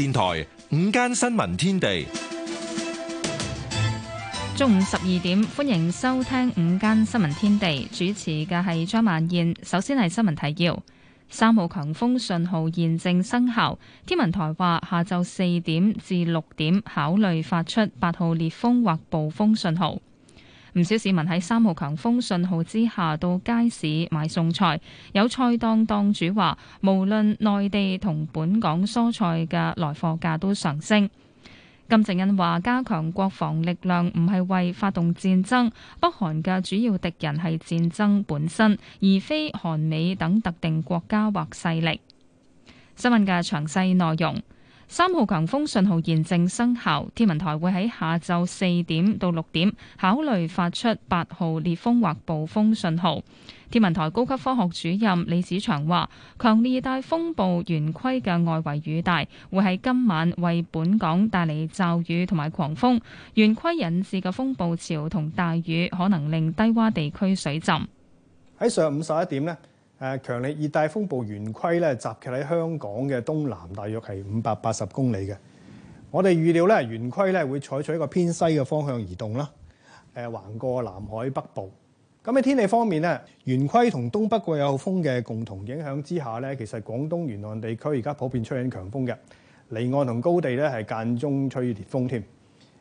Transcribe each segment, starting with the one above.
電台午間新聞天地，中午十二點，歡迎收聽午間新聞天地，主持嘅係張曼燕。首先係新聞提要，三號強風信號現正生效，天文台話下晝四點至六點考慮發出八號烈風或暴風信號。唔少市民喺三號強風信號之下到街市買餸菜，有菜檔檔主話，無論內地同本港蔬菜嘅來貨價都上升。金正恩話，加強國防力量唔係為發動戰爭，北韓嘅主要敵人係戰爭本身，而非韓美等特定國家或勢力。新聞嘅詳細內容。三號強風信號現正生效，天文台會喺下晝四點到六點考慮發出八號烈風或暴風信號。天文台高級科學主任李子祥話：，強烈熱帶風暴圓規嘅外圍雨帶會喺今晚為本港帶嚟驟雨同埋狂風，圓規引致嘅風暴潮同大雨可能令低洼地區水浸。喺上午十一點呢誒強烈熱帶風暴圓規咧，集結喺香港嘅東南，大約係五百八十公里嘅。我哋預料咧，圓規咧會採取一個偏西嘅方向移動啦。誒，橫過南海北部。咁喺天氣方面咧，圓規同東北季候風嘅共同影響之下咧，其實廣東沿岸地區而家普遍吹緊強風嘅，離岸同高地咧係間中吹烈風添。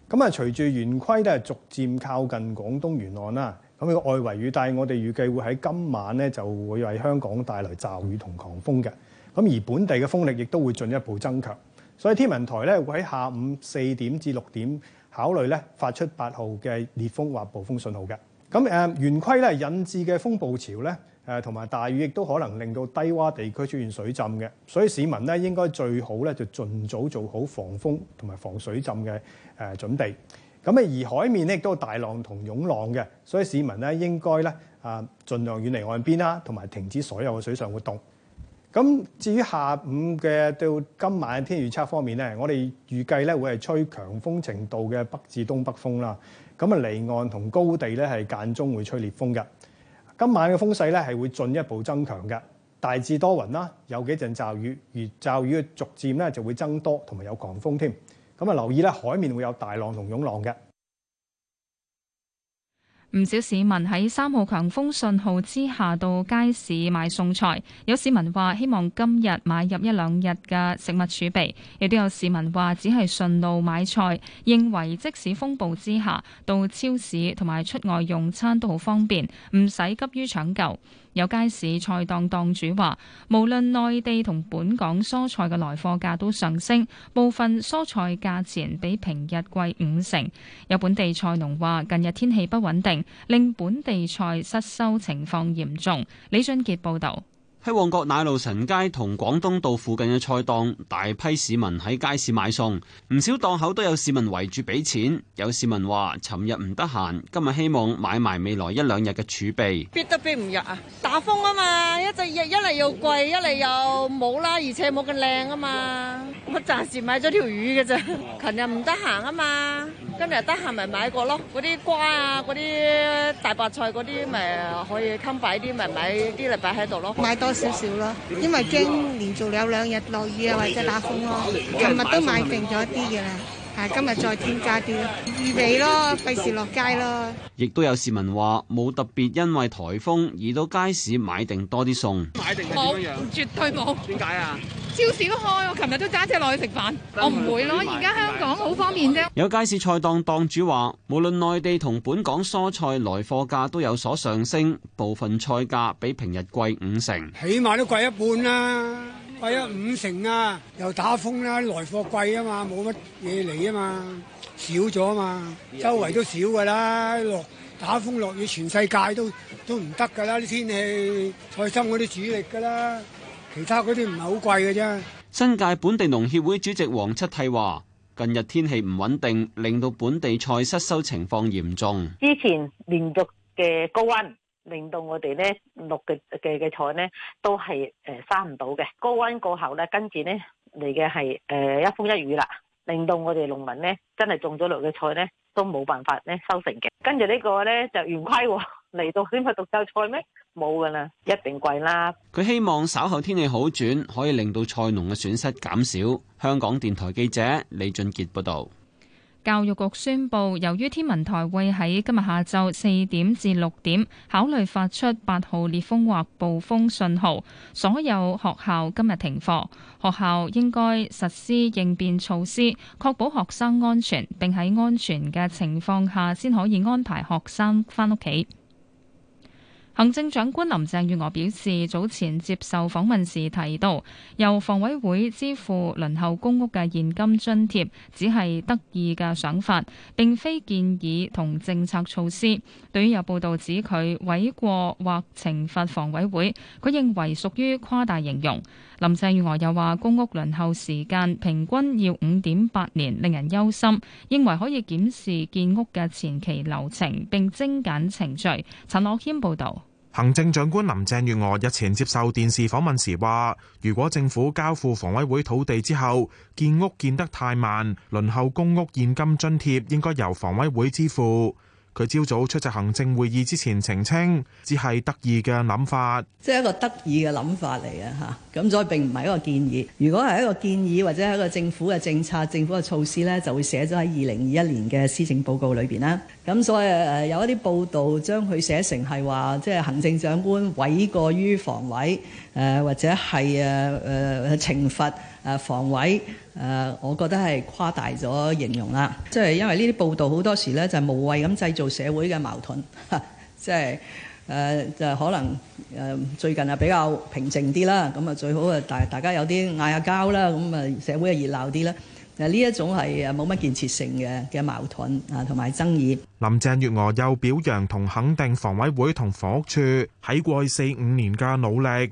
咁啊，隨住圓規咧逐漸靠近廣東沿岸啦。咁、個外圍雨帶我哋預計會喺今晚咧，就會為香港帶來驟雨同狂風嘅。咁而本地嘅風力亦都會進一步增強，所以天文台咧會喺下午四點至六點考慮咧發出八號嘅烈風或暴風信號嘅。咁誒圓規咧引致嘅風暴潮咧，誒同埋大雨亦都可能令到低洼地區出現水浸嘅。所以市民咧應該最好咧就盡早做好防風同埋防水浸嘅誒、呃、準備。咁啊，而海面咧亦都大浪同湧浪嘅，所以市民咧應該咧啊，盡量遠離岸邊啦，同埋停止所有嘅水上活動。咁至於下午嘅到今晚嘅天氣預測方面咧，我哋預計咧會係吹強風程度嘅北至東北風啦。咁啊，離岸同高地咧係間中會吹烈風嘅。今晚嘅風勢咧係會進一步增強嘅，大致多雲啦，有幾陣驟雨，而驟雨嘅逐漸咧就會增多，同埋有狂風添。咁啊，留意咧，海面會有大浪同湧浪嘅。唔少市民喺三號強風信號之下到街市買餸菜，有市民話希望今日買入一兩日嘅食物儲備，亦都有市民話只係順路買菜，認為即使風暴之下到超市同埋出外用餐都好方便，唔使急於搶救。有街市菜檔檔主話，無論內地同本港蔬菜嘅來貨價都上升，部分蔬菜價錢比平日貴五成。有本地菜農話，近日天氣不穩定，令本地菜失收情況嚴重。李俊傑報導。喺旺角奶路臣街同廣東道附近嘅菜檔，大批市民喺街市買餸，唔少檔口都有市民圍住俾錢。有市民話：尋日唔得閒，今日希望買埋未來一兩日嘅儲備。逼得逼唔入啊！打風啊嘛，一陣一嚟又貴，一嚟又冇啦，而且冇咁靚啊嘛。我暫時買咗條魚嘅啫，琴日唔得閒啊嘛，今日得閒咪買過咯。嗰啲瓜啊，嗰啲大白菜嗰啲咪可以襟擺啲，咪買啲嚟擺喺度咯。買到。多少少咯，因為驚連續有兩日落雨啊，或者打風咯，琴日都買定咗一啲嘅咧。係今日再添加啲，預備咯，費事落街咯。亦都有市民話冇特別，因為颱風而到街市買定多啲餸。買定冇？絕對冇。點解啊？超市都開，我琴日都揸車落去食飯。我唔會咯，而家香港好方便啫。有街市菜檔檔主話，無論內地同本港蔬菜來貨價都有所上升，部分菜價比平日貴五成。起碼都貴一半啦、啊。貴啊五成啊，又打風啦、啊，來貨貴啊嘛，冇乜嘢嚟啊嘛，少咗啊嘛，周圍都少噶啦，落打風落雨，全世界都都唔得噶啦，啲天氣菜心嗰啲主力噶啦，其他嗰啲唔係好貴㗎啫。新界本地農協會主席黃七替話，近日天氣唔穩定，令到本地菜失收情況嚴重。之前連續嘅高溫。令到我哋咧，六嘅嘅嘅菜咧，都係誒生唔到嘅。高温過後咧，跟住咧嚟嘅係誒一風一雨啦，令到我哋農民咧，真係種咗落嘅菜咧，都冇辦法咧收成嘅。跟住呢個咧就圓規嚟到點會獨奏菜咩？冇噶啦，一定貴啦。佢希望稍後天氣好轉，可以令到菜農嘅損失減少。香港電台記者李俊杰報道。教育局宣布，由於天文台會喺今日下晝四點至六點考慮發出八號烈風或暴風信號，所有學校今日停課。學校應該實施應變措施，確保學生安全，並喺安全嘅情況下先可以安排學生返屋企。行政長官林鄭月娥表示，早前接受訪問時提到，由房委會支付輪候公屋嘅現金津貼，只係得意嘅想法，並非建議同政策措施。對於有報道指佢委過或懲罰房委會，佢認為屬於誇大形容。林鄭月娥又話，公屋輪候時間平均要五點八年，令人憂心，認為可以檢視建屋嘅前期流程並精簡程序。陳樂軒報導。行政長官林鄭月娥日前接受電視訪問時話：「如果政府交付房委會土地之後，建屋建得太慢，輪候公屋現金津貼應該由房委會支付。」佢朝早出席行政會議之前澄清，只係得意嘅諗法，即係一個得意嘅諗法嚟嘅嚇。咁所以並唔係一個建議。如果係一個建議或者係一個政府嘅政策、政府嘅措施咧，就會寫咗喺二零二一年嘅施政報告裏邊啦。咁所以有一啲報道將佢寫成係話，即係行政長官諉過於防衞誒，或者係啊誒懲罰。誒防衞誒，我覺得係誇大咗形容啦。即係因為呢啲報道好多時咧，就無謂咁製造社會嘅矛盾。即係誒就可能誒最近啊比較平靜啲啦。咁啊最好啊大大家有啲嗌下交啦，咁啊社會啊熱鬧啲啦。誒呢一種係誒冇乜建設性嘅嘅矛盾啊同埋爭議。林鄭月娥又表揚同肯定房委會同房屋處喺過去四五年嘅努力。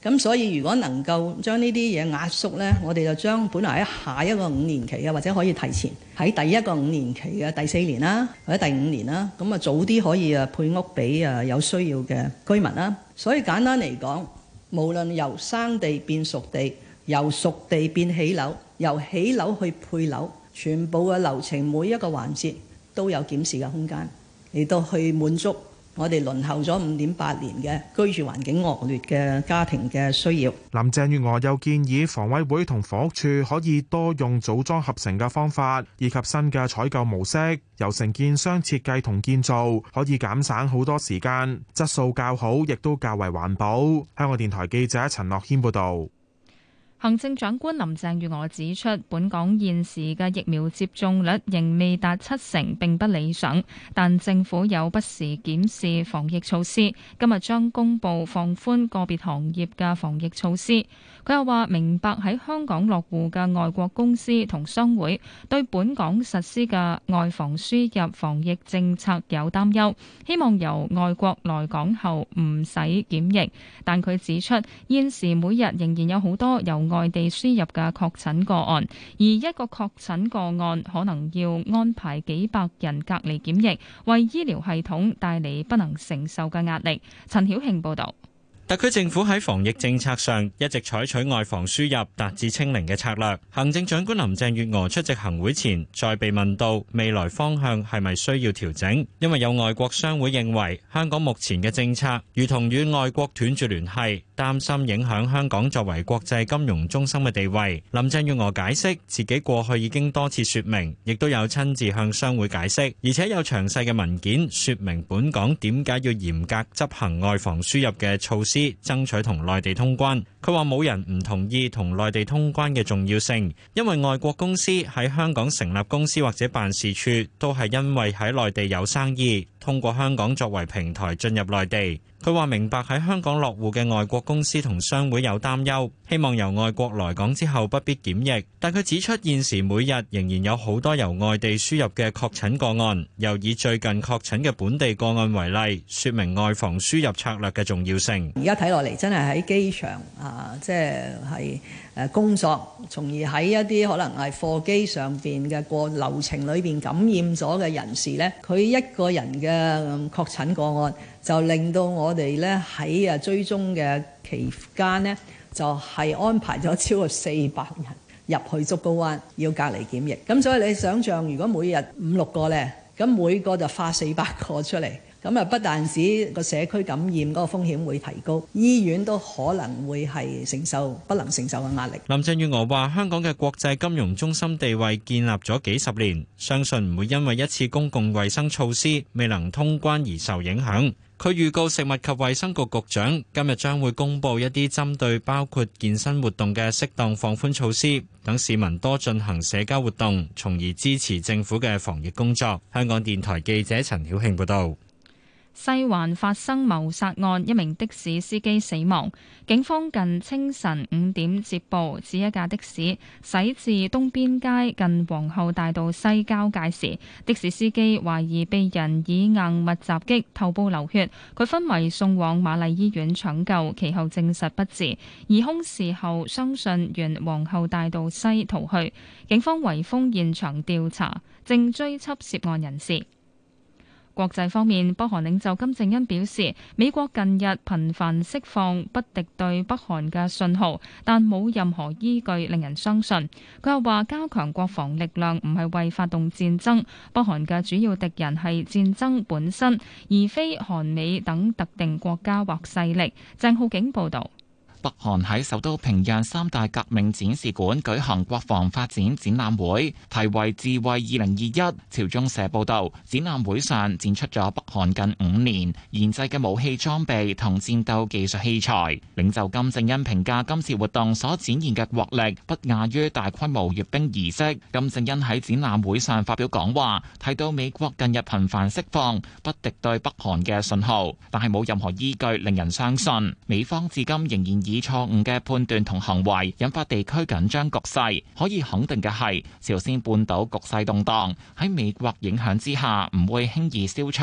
咁所以如果能夠將呢啲嘢壓縮呢，我哋就將本來喺下一個五年期啊，或者可以提前喺第一個五年期嘅第四年啦、啊，或者第五年啦、啊，咁啊早啲可以啊配屋俾啊有需要嘅居民啦、啊。所以簡單嚟講，無論由生地變熟地，由熟地變起樓，由起樓去配樓，全部嘅流程每一個環節都有檢視嘅空間嚟到去滿足我哋輪候咗五點八年嘅居住環境惡劣嘅家庭嘅需要。林鄭月娥又建議房委會同房屋處可以多用組裝合成嘅方法，以及新嘅採購模式，由承建商設計同建造，可以減省好多時間，質素較好，亦都較為環保。香港電台記者陳樂軒報導。行政長官林鄭月娥指出，本港現時嘅疫苗接種率仍未達七成，並不理想。但政府有不時檢視防疫措施，今日將公布放寬個別行業嘅防疫措施。佢又話：明白喺香港落戶嘅外國公司同商會對本港實施嘅外防輸入防疫政策有擔憂，希望由外國來港後唔使檢疫。但佢指出，現時每日仍然有好多由外地輸入嘅確診個案，而一個確診個案可能要安排幾百人隔離檢疫，為醫療系統帶嚟不能承受嘅壓力。陳曉慶報道。特區政府喺防疫政策上一直採取外防輸入、達至清零嘅策略。行政長官林鄭月娥出席行會前，再被問到未來方向係咪需要調整？因為有外國商會認為香港目前嘅政策如同與外國斷絕聯繫。擔心影響香港作為國際金融中心嘅地位，林鄭月娥解釋，自己過去已經多次說明，亦都有親自向商會解釋，而且有詳細嘅文件說明本港點解要嚴格執行外防輸入嘅措施，爭取同內地通關。佢話冇人唔同意同內地通關嘅重要性，因為外國公司喺香港成立公司或者辦事處，都係因為喺內地有生意，通過香港作為平台進入內地。佢話明白喺香港落戶嘅外國公司同商會有擔憂，希望由外國來港之後不必檢疫。但佢指出現時每日仍然有好多由外地輸入嘅確診個案，又以最近確診嘅本地個案為例，說明外防輸入策略嘅重要性。而家睇落嚟真係喺機場啊！啊，即係誒工作，從而喺一啲可能係貨機上邊嘅過流程裏邊感染咗嘅人士呢，佢一個人嘅確診個案，就令到我哋呢喺啊追蹤嘅期間呢，就係安排咗超過四百人入去竹篙灣要隔離檢疫。咁所以你想象，如果每日五、六個呢，咁每個就發四百個出嚟。咁啊！不但止個社區感染嗰個風險會提高，醫院都可能會係承受不能承受嘅壓力。林鄭月娥話：香港嘅國際金融中心地位建立咗幾十年，相信唔會因為一次公共衛生措施未能通關而受影響。佢預告食物及衛生局局長今日將會公布一啲針對包括健身活動嘅適當放寬措施，等市民多進行社交活動，從而支持政府嘅防疫工作。香港電台記者陳曉慶報道。西環發生謀殺案，一名的士司機死亡。警方近清晨五點接報，指一架的士駛至東邊街近皇后大道西交界時，的士司機懷疑被人以硬物襲擊，頭部流血。佢昏迷送往瑪麗醫院搶救，其後證實不治。疑兇事後相信沿皇后大道西逃去，警方圍封現場調查，正追緝涉案人士。國際方面，北韓領袖金正恩表示，美國近日頻繁釋放不敵對北韓嘅信號，但冇任何依據令人相信。佢又話，加強國防力量唔係為發動戰爭，北韓嘅主要敵人係戰爭本身，而非韓美等特定國家或勢力。鄭浩景報道。北韓喺首都平壤三大革命展示館舉行國防發展展覽會，題為「智慧2021」。朝中社報導，展覽會上展出咗北韓近五年研製嘅武器裝備同戰鬥技術器材。領袖金正恩評價今次活動所展現嘅國力，不亞於大規模閱兵儀式。金正恩喺展覽會上發表講話，提到美國近日頻繁釋放不敵對北韓嘅信號，但係冇任何依據令人相信。美方至今仍然以錯誤嘅判斷同行為，引發地區緊張局勢。可以肯定嘅係，朝鮮半島局勢動盪，喺美國影響之下，唔會輕易消除。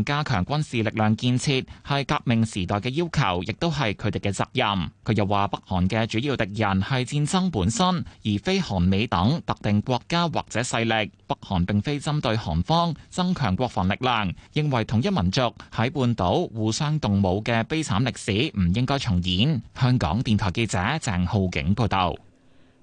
加強軍事力量建設係革命時代嘅要求，亦都係佢哋嘅責任。佢又話：北韓嘅主要敵人係戰爭本身，而非韓美等特定國家或者勢力。北韓並非針對韓方增強國防力量，認為同一民族喺半島互相動武嘅悲慘歷史唔應該重演。香港電台記者鄭浩景報道。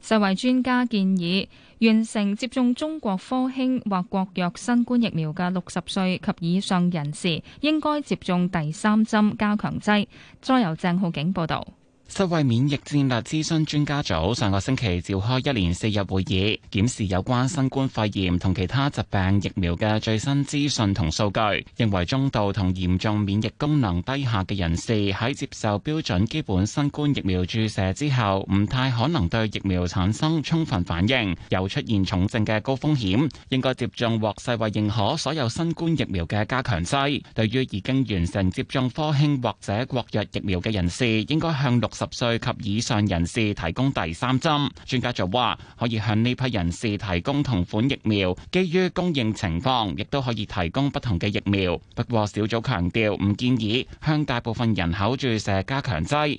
世衛專家建議，完成接種中國科興或國藥新冠疫苗嘅六十歲及以上人士，應該接種第三針加強劑。再由鄭浩景報道。世衛免疫戰略諮詢專家組上個星期召開一連四日會議，檢視有關新冠肺炎同其他疾病疫苗嘅最新資訊同數據，認為中度同嚴重免疫功能低下嘅人士喺接受標準基本新冠疫苗注射之後，唔太可能對疫苗產生充分反應，又出現重症嘅高風險，應該接種獲世衛認可所有新冠疫苗嘅加強劑。對於已經完成接種科興或者國藥疫苗嘅人士，應該向六十歲及以上人士提供第三針，專家就話可以向呢批人士提供同款疫苗，基於供應情況，亦都可以提供不同嘅疫苗。不過小組強調，唔建議向大部分人口注射加強劑。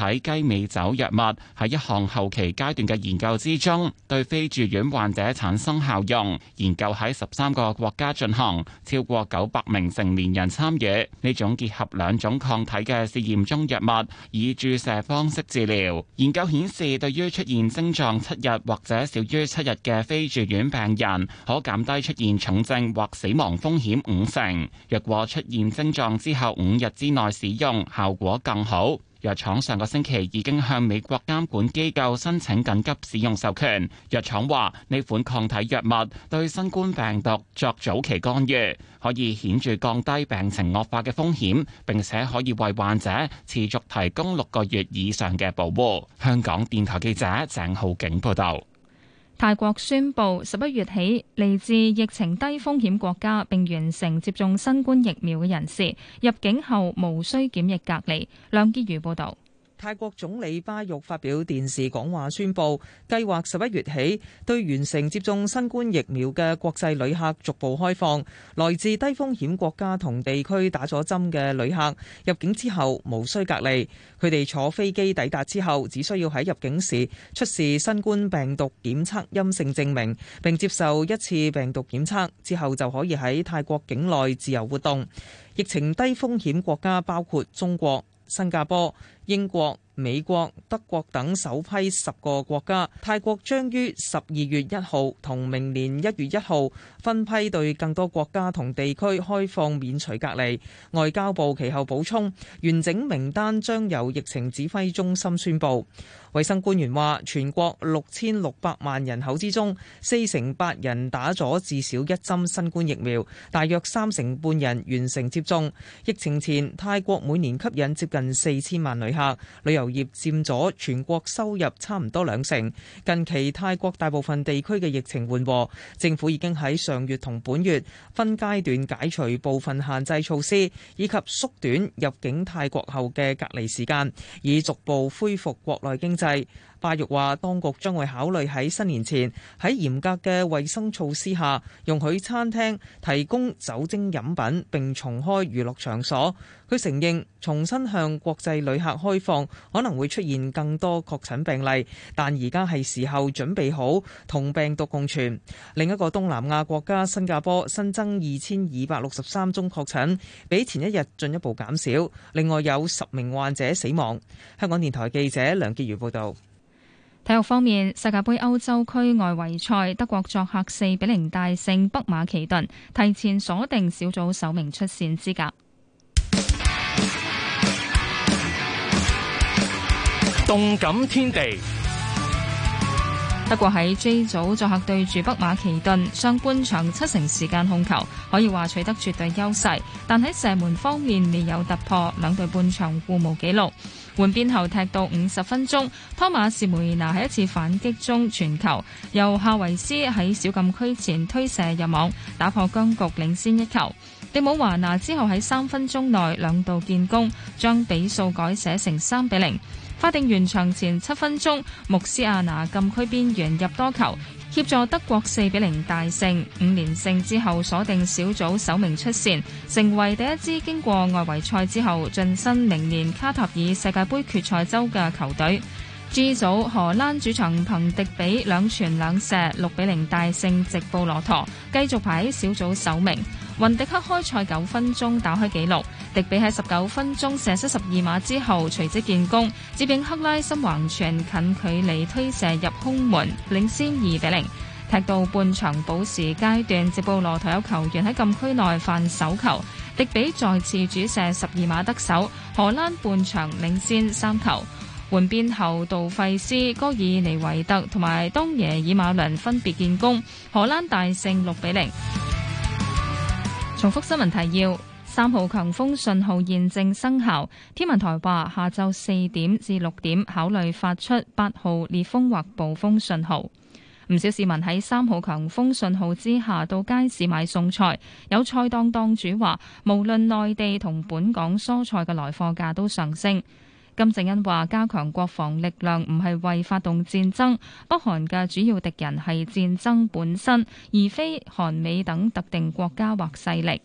睇雞尾酒藥物喺一項後期階段嘅研究之中，對非住院患者產生效用。研究喺十三個國家進行，超過九百名成年人參與呢種結合兩種抗體嘅試驗中。藥物以注射方式治療。研究顯示，對於出現症狀七日或者少於七日嘅非住院病人，可減低出現重症或死亡風險五成。若果出現症狀之後五日之內使用，效果更好。藥廠上個星期已經向美國監管機構申請緊急使用授權。藥廠話，呢款抗體藥物對新冠病毒作早期干預，可以顯著降低病情惡化嘅風險，並且可以為患者持續提供六個月以上嘅保護。香港電台記者鄭浩景報道。泰國宣布，十一月起，嚟自疫情低風險國家並完成接種新冠疫苗嘅人士，入境後無需檢疫隔離。梁潔如報導。泰國總理巴育發表電視講話，宣布計劃十一月起對完成接種新冠疫苗嘅國際旅客逐步開放。來自低風險國家同地區打咗針嘅旅客入境之後無需隔離，佢哋坐飛機抵達之後只需要喺入境時出示新冠病毒檢測陰性證明，並接受一次病毒檢測之後就可以喺泰國境內自由活動。疫情低風險國家包括中國。新加坡、英國。美國、德國等首批十個國家，泰國將於十二月一號同明年一月一號分批對更多國家同地區開放免除隔離。外交部其後補充，完整名單將由疫情指揮中心宣布。衛生官員話，全國六千六百萬人口之中，四成八人打咗至少一針新冠疫苗，大約三成半人完成接種。疫情前，泰國每年吸引接近四千萬旅客，旅遊。業佔咗全國收入差唔多兩成。近期泰國大部分地區嘅疫情緩和，政府已經喺上月同本月分階段解除部分限制措施，以及縮短入境泰國後嘅隔離時間，以逐步恢復國內經濟。巴玉話，當局將會考慮喺新年前喺嚴格嘅衛生措施下容許餐廳提供酒精飲品，並重開娛樂場所。佢承認重新向國際旅客開放可能會出現更多確診病例，但而家係時候準備好同病毒共存。另一個東南亞國家新加坡新增二千二百六十三宗確診，比前一日進一步減少，另外有十名患者死亡。香港電台記者梁潔如報導。體育方面，世界杯歐洲區外圍賽，德國作客四比零大勝北馬其頓，提前鎖定小組首名出線資格。動感天地。不過喺 J 組作客對住北馬其頓，上半場七成時間控球，可以話取得絕對優勢，但喺射門方面未有突破，兩隊半場互無紀錄。換邊後踢到五十分鐘，湯馬士梅拿喺一次反擊中傳球，由夏維斯喺小禁區前推射入網，打破僵局，領先一球。迪姆華拿之後喺三分鐘內兩度建功，將比數改寫成三比零。法定完場前七分鐘，穆斯亞拿禁區邊緣入多球，協助德國四比零大勝，五連勝之後鎖定小組首名出線，成為第一支經過外圍賽之後晉身明年卡塔爾世界盃決賽周嘅球隊。G 組荷蘭主場憑迪比兩傳兩射六比零大勝直布羅陀，繼續排喺小組首名。雲迪克開賽九分鐘打開紀錄，迪比喺十九分鐘射失十二碼之後隨即建功，接應克拉森橫傳近距離推射入空門，領先二比零。踢到半場補時階段，直布羅陀有球員喺禁區內犯手球，迪比再次主射十二碼得手，荷蘭半場領先三球。換邊後，杜費斯、戈爾尼維特同埋東耶爾馬倫分別建功，荷蘭大勝六比零。重複新聞提要：三號強風信號現正生效，天文台話下晝四點至六點考慮發出八號烈風或暴風信號。唔少市民喺三號強風信號之下到街市買餸菜，有菜檔檔主話，無論內地同本港蔬菜嘅來貨價都上升。金正恩話：加強國防力量唔係為發動戰爭，北韓嘅主要敵人係戰爭本身，而非韓美等特定國家或勢力。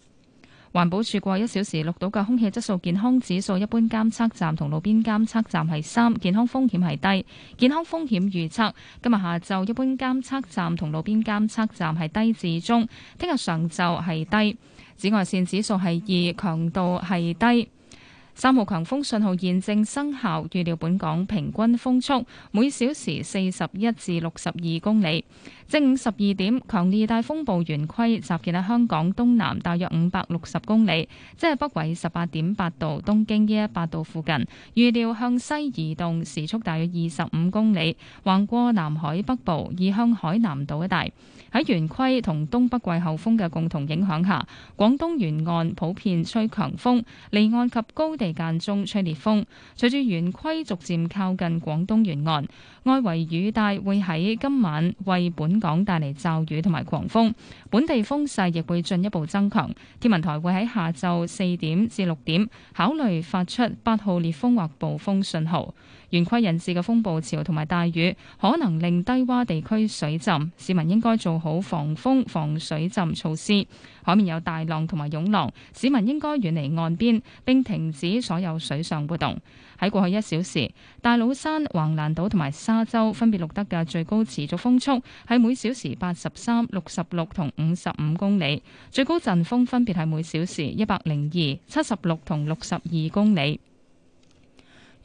環保署過一小時錄到嘅空氣質素健康指數，一般監測站同路邊監測站係三，健康風險係低。健康風險預測今日下晝一般監測站同路邊監測站係低至中，聽日上晝係低。紫外線指數係二，強度係低。三號強風信號現正生效，預料本港平均風速每小時四十一至六十二公里。正午十二點，強烈熱帶大風暴圓規集結喺香港東南大約五百六十公里，即係北緯十八點八度、東經一百一十八度附近。預料向西移動，時速大約二十五公里，橫過南海北部，移向海南島一帶。喺圓規同東北季候風嘅共同影響下，廣東沿岸普遍吹強風，離岸及高地間中吹烈風。隨住圓規逐漸靠近廣東沿岸，外圍雨帶會喺今晚為本港帶嚟驟雨同埋狂風，本地風勢亦會進一步增強。天文台會喺下晝四點至六點考慮發出八號烈風或暴風信號。圓規人士嘅風暴潮同埋大雨，可能令低洼地區水浸，市民應該做好防風、防水浸措施。海面有大浪同埋湧浪，市民應該遠離岸邊並停止所有水上活動。喺過去一小時，大老山、橫瀾島同埋沙洲分別錄得嘅最高持續風速係每小時八十三、六十六同五十五公里，最高陣風分別係每小時一百零二、七十六同六十二公里。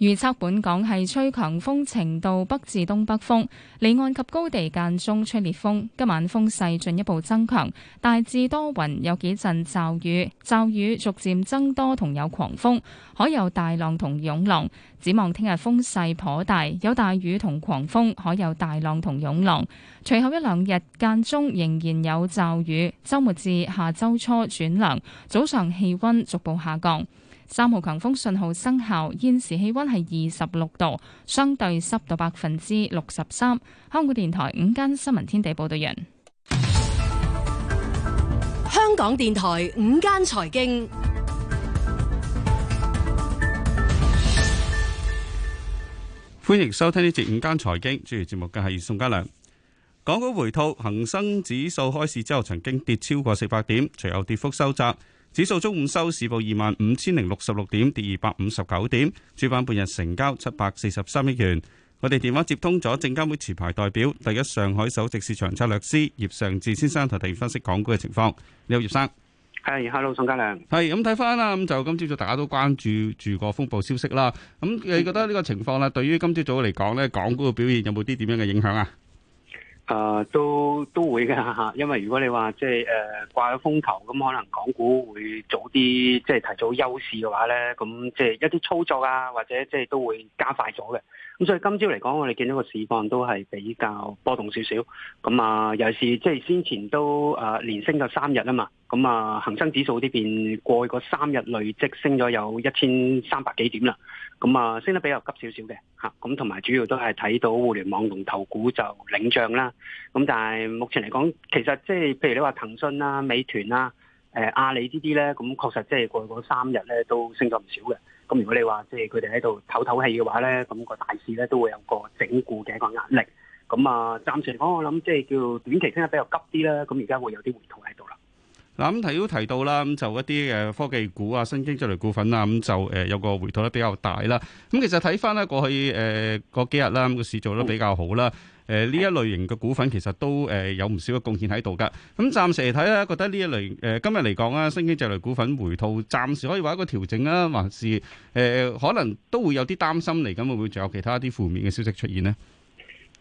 預測本港係吹強風程度北至東北風，離岸及高地間中吹烈風。今晚風勢進一步增強，大致多雲，有幾陣驟雨，驟雨逐漸增多同有狂風，海有大浪同湧浪。展望聽日風勢頗大，有大雨同狂風，海有大浪同湧浪。隨後一兩日間中仍然有驟雨，週末至下周初轉涼，早上氣温逐步下降。三號強風信號生效，現時氣温係二十六度，相對濕度百分之六十三。香港電台午間新聞天地報道完，香港電台午間財經，歡迎收聽呢節午間財經，主持節目嘅係宋家良。港股回吐，恒生指數開市之後曾經跌超過四百點，隨後跌幅收窄。指數中午收市報二萬五千零六十六點，跌二百五十九點。主板半日成交七百四十三億元。我哋電話接通咗證監會持牌代表、第一上海首席市場策略師葉尚志先生，同我哋分析港股嘅情況。你好，葉生。係，Hello，宋嘉良。係，咁睇翻啦。咁就今朝早大家都關注住個風暴消息啦。咁你覺得呢個情況呢，對於今朝早嚟講呢，港股嘅表現有冇啲點樣嘅影響啊？誒、呃，都都會嘅。因為如果你話即係誒掛咗風頭，咁可能港股會早啲即係提早休市嘅話咧，咁即係一啲操作啊，或者即係都會加快咗嘅。咁所以今朝嚟講，我哋見到個市況都係比較波動少少。咁啊，尤其是即係先前都誒連升咗三日啊嘛。咁啊，恒生指數呢邊過去嗰三日累積升咗有一千三百幾點啦。咁啊，升得比較急少少嘅嚇。咁同埋主要都係睇到互聯網龍頭股就領漲啦。咁但係目前嚟講，其實即係譬如你話騰訊啦、美團啦、誒阿里呢啲咧，咁確實即係過去嗰三日咧都升咗唔少嘅。咁如果你話即係佢哋喺度唞唞氣嘅話咧，咁個大市咧都會有個整固嘅一個壓力。咁啊，暫時嚟講，我諗即係叫短期升得比較急啲啦。咁而家會有啲回吐喺度啦。嗱，咁提都提到啦，咁就一啲誒科技股啊、新經濟類股份啊，咁就誒有個回吐咧比較大啦。咁其實睇翻咧過去誒嗰幾日啦，咁個市做得比較好啦。誒、呃，呢一類型嘅股份其實都誒、呃、有唔少嘅貢獻喺度噶。咁暫時嚟睇，咧覺得呢一類誒、呃、今日嚟講啊，新經濟類股份回吐，暫時可以話一個調整啦、啊。還是誒、呃、可能都會有啲擔心嚟，咁會唔會仲有其他啲負面嘅消息出現呢？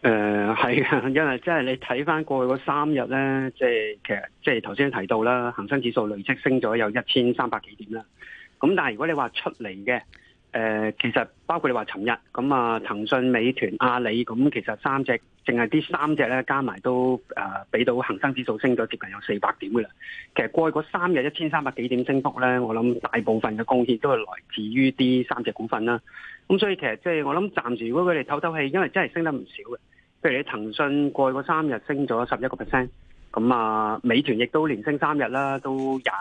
誒、呃，係，因為即係你睇翻過去嗰三日咧，即、就、係、是、其實即係頭先提到啦，恒生指數累積升咗有一千三百幾點啦。咁但係如果你話出嚟嘅。誒、呃，其實包括你話尋日咁啊，騰訊、美團、阿里咁，其實三隻隻淨係呢三隻咧加埋都誒，俾、啊、到恒生指數升咗接近有四百點噶啦。其實過去嗰三日一千三百幾點升幅咧，我諗大部分嘅貢獻都係來自於呢三隻股份啦。咁所以其實即、就、係、是、我諗，暫時如果佢哋透透氣，因為真係升得唔少嘅。譬如你騰訊過去嗰三日升咗十一個 percent，咁啊美團亦都連升三日啦，都廿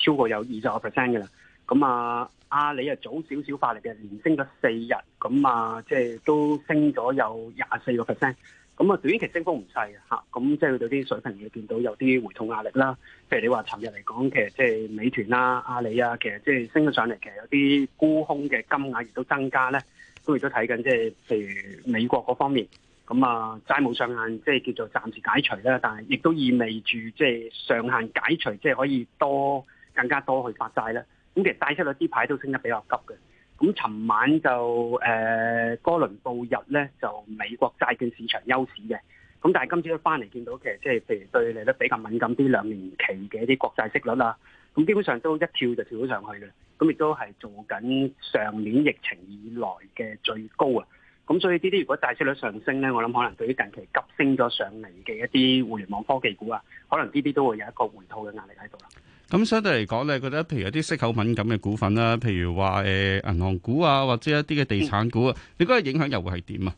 超過有二十個 percent 噶啦。咁啊，阿里啊，早少少發力嘅，連升咗四日，咁啊，即係都升咗有廿四個 percent，咁啊，短期升幅唔細啊，咁即係佢哋啲水平要見到有啲回吐壓力啦。譬如你話，尋日嚟講，其實即係美團啦、阿里啊，其實即係升咗上嚟，其實有啲沽空嘅金額亦都增加咧，都亦都睇緊，即係譬如美國嗰方面，咁啊，債務上限即係叫做暫時解除啦，但係亦都意味住即係上限解除，即係可以多更加多去發債啦。咁其實帶出率啲牌都升得比較急嘅，咁尋晚就誒哥倫布日咧就美國債券市場休市嘅，咁但係今朝一翻嚟見到其實即係譬如對你得比較敏感啲兩年期嘅一啲國債息率啊，咁基本上都一跳就跳咗上去嘅，咁亦都係做緊上年疫情以來嘅最高啊，咁所以呢啲如果帶出率上升咧，我諗可能對於近期急升咗上嚟嘅一啲互聯網科技股啊，可能呢啲都會有一個回吐嘅壓力喺度啦。咁相對嚟講你覺得譬如一啲息口敏感嘅股份啦，譬如話誒銀行股啊，或者一啲嘅地產股啊，你覺得影響又會係點啊？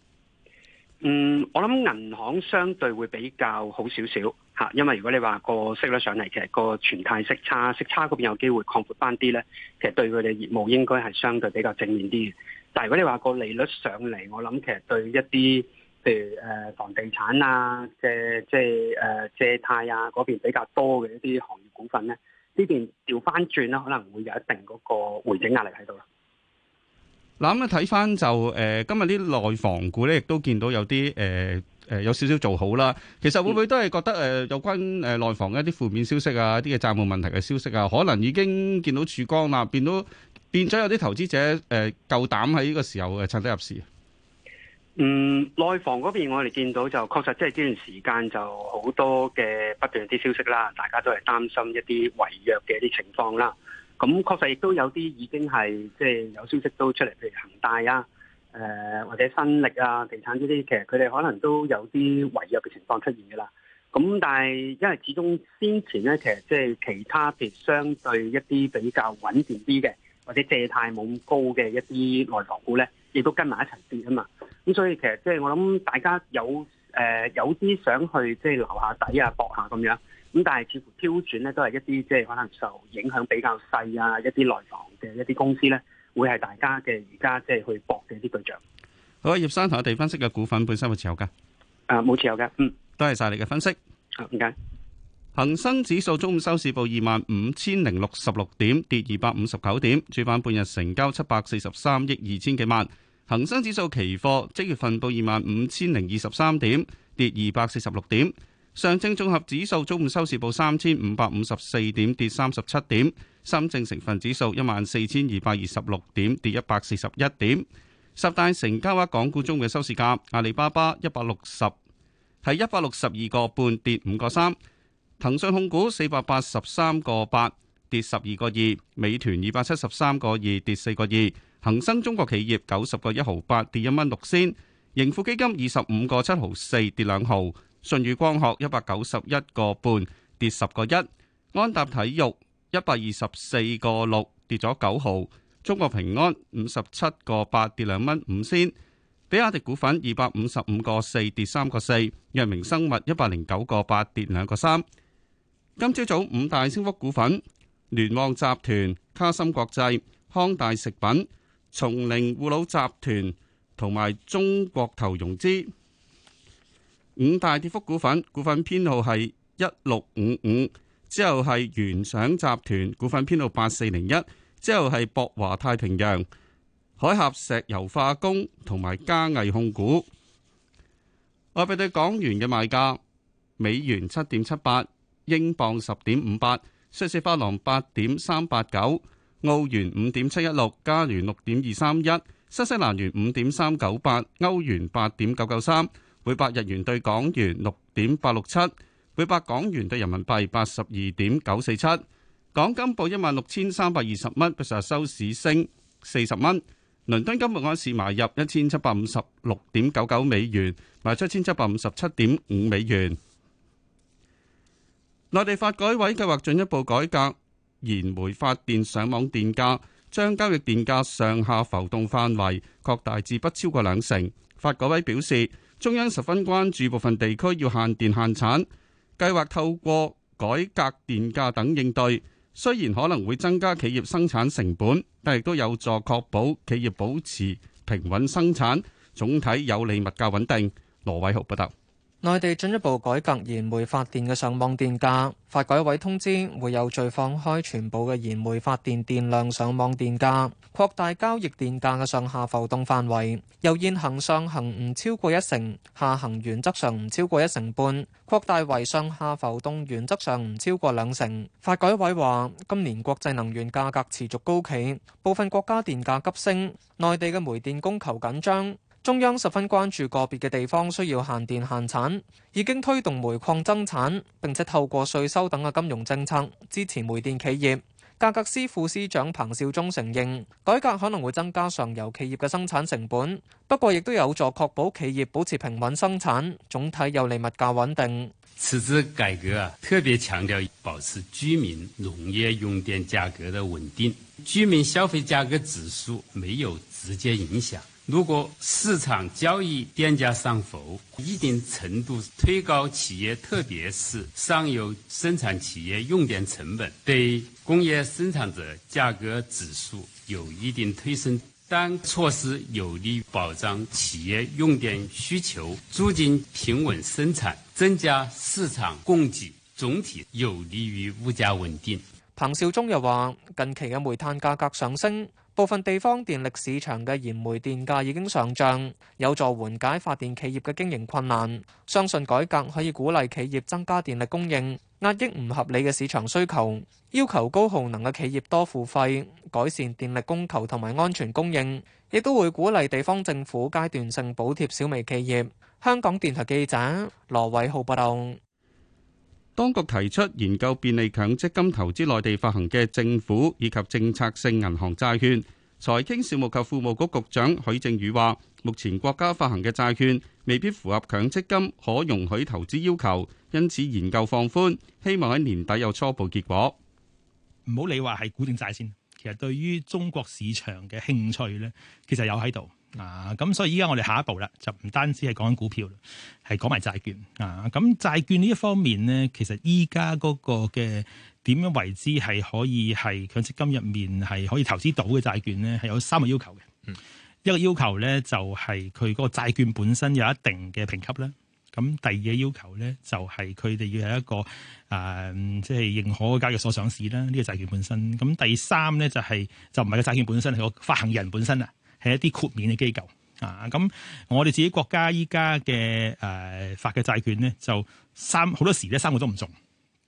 嗯，我諗銀行相對會比較好少少吓，因為如果你話個息率上嚟，其實個存貸息差，息差嗰邊有機會擴闊翻啲咧，其實對佢哋業務應該係相對比較正面啲。但係如果你話個利率上嚟，我諗其實對一啲譬如誒房地產啊嘅即係誒借貸啊嗰邊比較多嘅一啲行業股份咧。呢邊調翻轉啦，可能會有一定嗰個回整壓力喺度啦。嗱，咁啊睇翻就誒、呃，今日啲內房股咧，亦都見到有啲誒誒有少少做好啦。其實會唔會都係覺得誒、呃、有關誒內房嘅一啲負面消息啊，一啲嘅債務問題嘅消息啊，可能已經見到曙光啦，變到變咗有啲投資者誒夠膽喺呢個時候誒趁低入市。嗯，內房嗰邊我哋見到就確實即係呢段時間就好多嘅不斷啲消息啦，大家都係擔心一啲違約嘅一啲情況啦。咁確實亦都有啲已經係即係有消息都出嚟，譬如恒大啊，誒、呃、或者新力啊，地產呢啲，其實佢哋可能都有啲違約嘅情況出現噶啦。咁但係因為始終先前咧，其實即係其他譬如相對一啲比較穩定啲嘅，或者借貸冇咁高嘅一啲內房股咧，亦都跟埋一齊跌啊嘛。咁 所以其實即係我諗，大家有誒、呃、有啲想去即係留下底啊，搏下咁樣。咁但係似乎挑選呢都係一啲即係可能受影響比較細啊，一啲內房嘅一啲公司咧，會係大家嘅而家即係去搏嘅一啲對象。好，葉生同我哋分析嘅股份本身會持有噶？啊，冇持有嘅。嗯，多謝晒你嘅分析。唔該。恒生指數中午收市報二萬五千零六十六點，跌二百五十九點。主板半日成交七百四十三億二千幾萬。恒生指數期貨即月份報二萬五千零二十三點，跌二百四十六點。上證綜合指數中午收市報三千五百五十四點，跌三十七點。深證成分指數一萬四千二百二十六點，跌一百四十一點。十大成交額港股中嘅收市價，阿里巴巴一百六十係一百六十二個半跌五個三，騰訊控股四百八十三個八跌十二個二，美團二百七十三個二跌四個二。恒生中國企業九十個一毫八跌一蚊六仙，盈富基金二十五個七毫四跌兩毫，舜宇光學一百九十一個半跌十個一，安踏體育一百二十四個六跌咗九毫，中國平安五十七個八跌兩蚊五仙，比亞迪股份二百五十五個四跌三個四，藥明生物一百零九個八跌兩個三。今朝早五大升幅股份：聯旺集團、卡森國際、康大食品。松陵護老集團同埋中國投融資五大跌幅股份，股份編號係一六五五，之後係元想集團股份編號八四零一，之後係博華太平洋、海峽石油化工同埋嘉藝控股。外幣對港元嘅賣價，美元七點七八，英鎊十點五八，瑞士法郎八點三八九。澳元五點七一六，加元六點二三一，新西蘭元五點三九八，歐元八點九九三，每百日元對港元六點八六七，每百港元對人民幣八十二點九四七。港金報一萬六千三百二十蚊，比上收市升四十蚊。倫敦金目前市買入一千七百五十六點九九美元，賣出一千七百五十七點五美元。內地發改委計劃進一步改革。燃煤發電上網電價，將交易電價上下浮動範圍擴大至不超過兩成。發改委表示，中央十分關注部分地區要限電限產，計劃透過改革電價等應對。雖然可能會增加企業生產成本，但亦都有助確保企業保持平穩生產，總體有利物價穩定。羅偉豪報道。內地進一步改革燃煤發電嘅上網電價，發改委通知會有序放開全部嘅燃煤發電電量上網電價，擴大交易電價嘅上下浮動範圍，由現行上行唔超過一成，下行原則上唔超過一成半，擴大為上下浮動原則上唔超過兩成。發改委話，今年國際能源價格持續高企，部分國家電價急升，內地嘅煤電供求緊張。中央十分關注個別嘅地方需要限電限產，已經推動煤礦增產，並且透過稅收等嘅金融政策支持煤電企業。價格司副司長彭少忠承認，改革可能會增加上游企業嘅生產成本，不過亦都有助確保企業保持平穩生產，總體有利物價穩定。此次改革特別強調保持居民、農業用電價格的穩定，居民消費價格指數沒有直接影響。如果市場交易電價上浮，一定程度推高企業，特別是上游生產企業用電成本，對工業生產者價格指數有一定推升。但措施有利於保障企業用電需求，促進平穩生產，增加市場供給，總體有利於物價穩定。彭紹忠又話，近期嘅煤炭價格上升。部分地方電力市場嘅燃煤電價已經上漲，有助緩解發電企業嘅經營困難。相信改革可以鼓勵企業增加電力供應，壓抑唔合理嘅市場需求，要求高耗能嘅企業多付費，改善電力供求同埋安全供應，亦都會鼓勵地方政府階段性補貼小微企業。香港電台記者羅偉浩報道。當局提出研究便利強積金投資內地發行嘅政府以及政策性銀行債券。財經事務及庫務局局長許正宇話：目前國家發行嘅債券未必符合強積金可容許投資要求，因此研究放寬，希望喺年底有初步結果。唔好理話係股定債先，其實對於中國市場嘅興趣呢，其實有喺度。啊，咁所以依家我哋下一步啦，就唔單止係講緊股票啦，係講埋債券啊。咁債券呢一方面咧，其實依家嗰個嘅點樣為之係可以係強積金入面係可以投資到嘅債券咧，係有三個要求嘅。嗯。一個要求咧就係佢嗰個債券本身有一定嘅評級啦。咁第二嘅要求咧就係佢哋要有一個誒，即係認可嘅交易所，上市啦，呢個債券本身。咁第三咧就係就唔係個債券本身，係個發行人本身啊。係一啲豁免嘅機構啊！咁我哋自己國家依家嘅誒發嘅債券咧，就三好多時咧三個都唔中，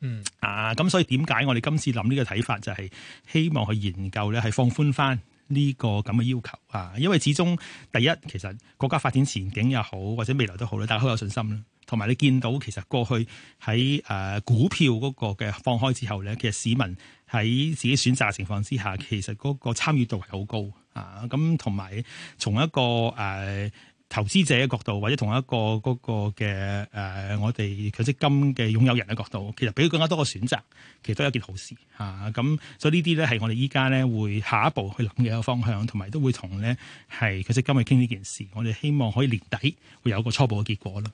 嗯啊！咁所以點解我哋今次諗呢個睇法就係希望去研究咧，係放寬翻呢個咁嘅要求啊！因為始終第一其實國家發展前景又好或者未來都好咧，大家好有信心啦。同埋你見到其實過去喺誒、呃、股票嗰個嘅放開之後咧，其實市民，喺自己選擇嘅情況之下，其實嗰個參與度係好高啊！咁同埋從一個誒、呃、投資者嘅角度，或者同一個嗰、那個嘅誒、呃、我哋強積金嘅擁有人嘅角度，其實俾佢更加多嘅選擇，其實都係一件好事啊！咁所以這些是呢啲咧係我哋依家咧會下一步去諗嘅一個方向，同埋都會同咧係強積金去傾呢件事。我哋希望可以年底會有一個初步嘅結果啦。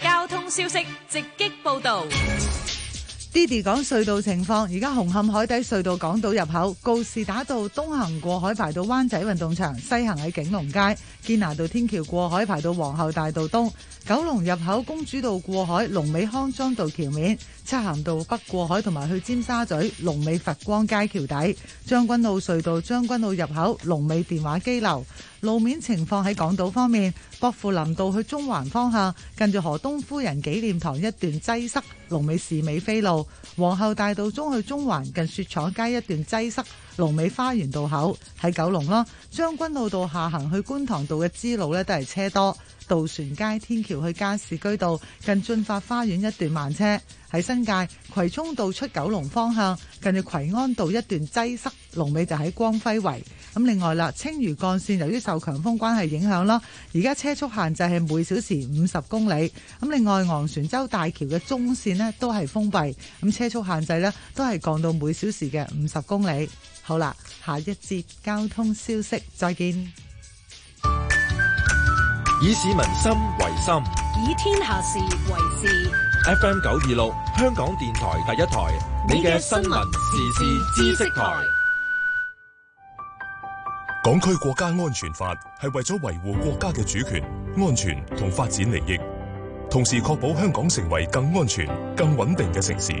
交通消息直擊報導。d i 港講隧道情況，而家紅磡海底隧道港島入口告士打道東行過海排到灣仔運動場，西行喺景隆街堅拿道天橋過海排到皇后大道東，九龍入口公主道過海龍尾康莊道橋面，漆咸道北過海同埋去尖沙咀龍尾佛光街橋底將軍澳隧道將軍澳入口龍尾電話機樓路面情況喺港島方面。薄扶林道去中環方向，近住河東夫人紀念堂一段擠塞；龍尾士美飛路、皇后大道中去中環近雪廠街一段擠塞；龍尾花園道口喺九龍啦；將軍澳道下行去觀塘道嘅支路呢，都係車多；渡船街天橋去加士居道近駿發花園一段慢車喺新界；葵涌道出九龍方向近住葵安道一段擠塞；龍尾就喺光輝圍。咁另外啦，青嶼幹綫由於受強風關係影響啦，而家車速限制係每小時五十公里。咁另外昂船洲大橋嘅中綫呢都係封閉，咁車速限制呢都係降到每小時嘅五十公里。好啦，下一節交通消息，再見。以市民心為心，以天下事為事。FM 九二六，香港電台第一台，你嘅新聞時事知識台。港區國家安全法係為咗維護國家嘅主權、安全同發展利益，同時確保香港成為更安全、更穩定嘅城市。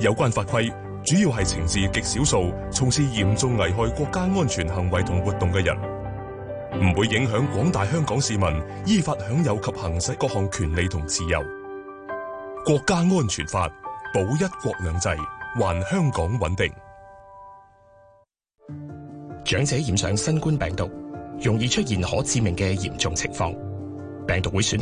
有關法規主要係懲治極少數從事嚴重危害國家安全行為同活動嘅人，唔會影響廣大香港市民依法享有及行使各項權利同自由。國家安全法保一國兩制，還香港穩定。長者染上新冠病毒，容易出現可致命嘅嚴重情況，病毒會損。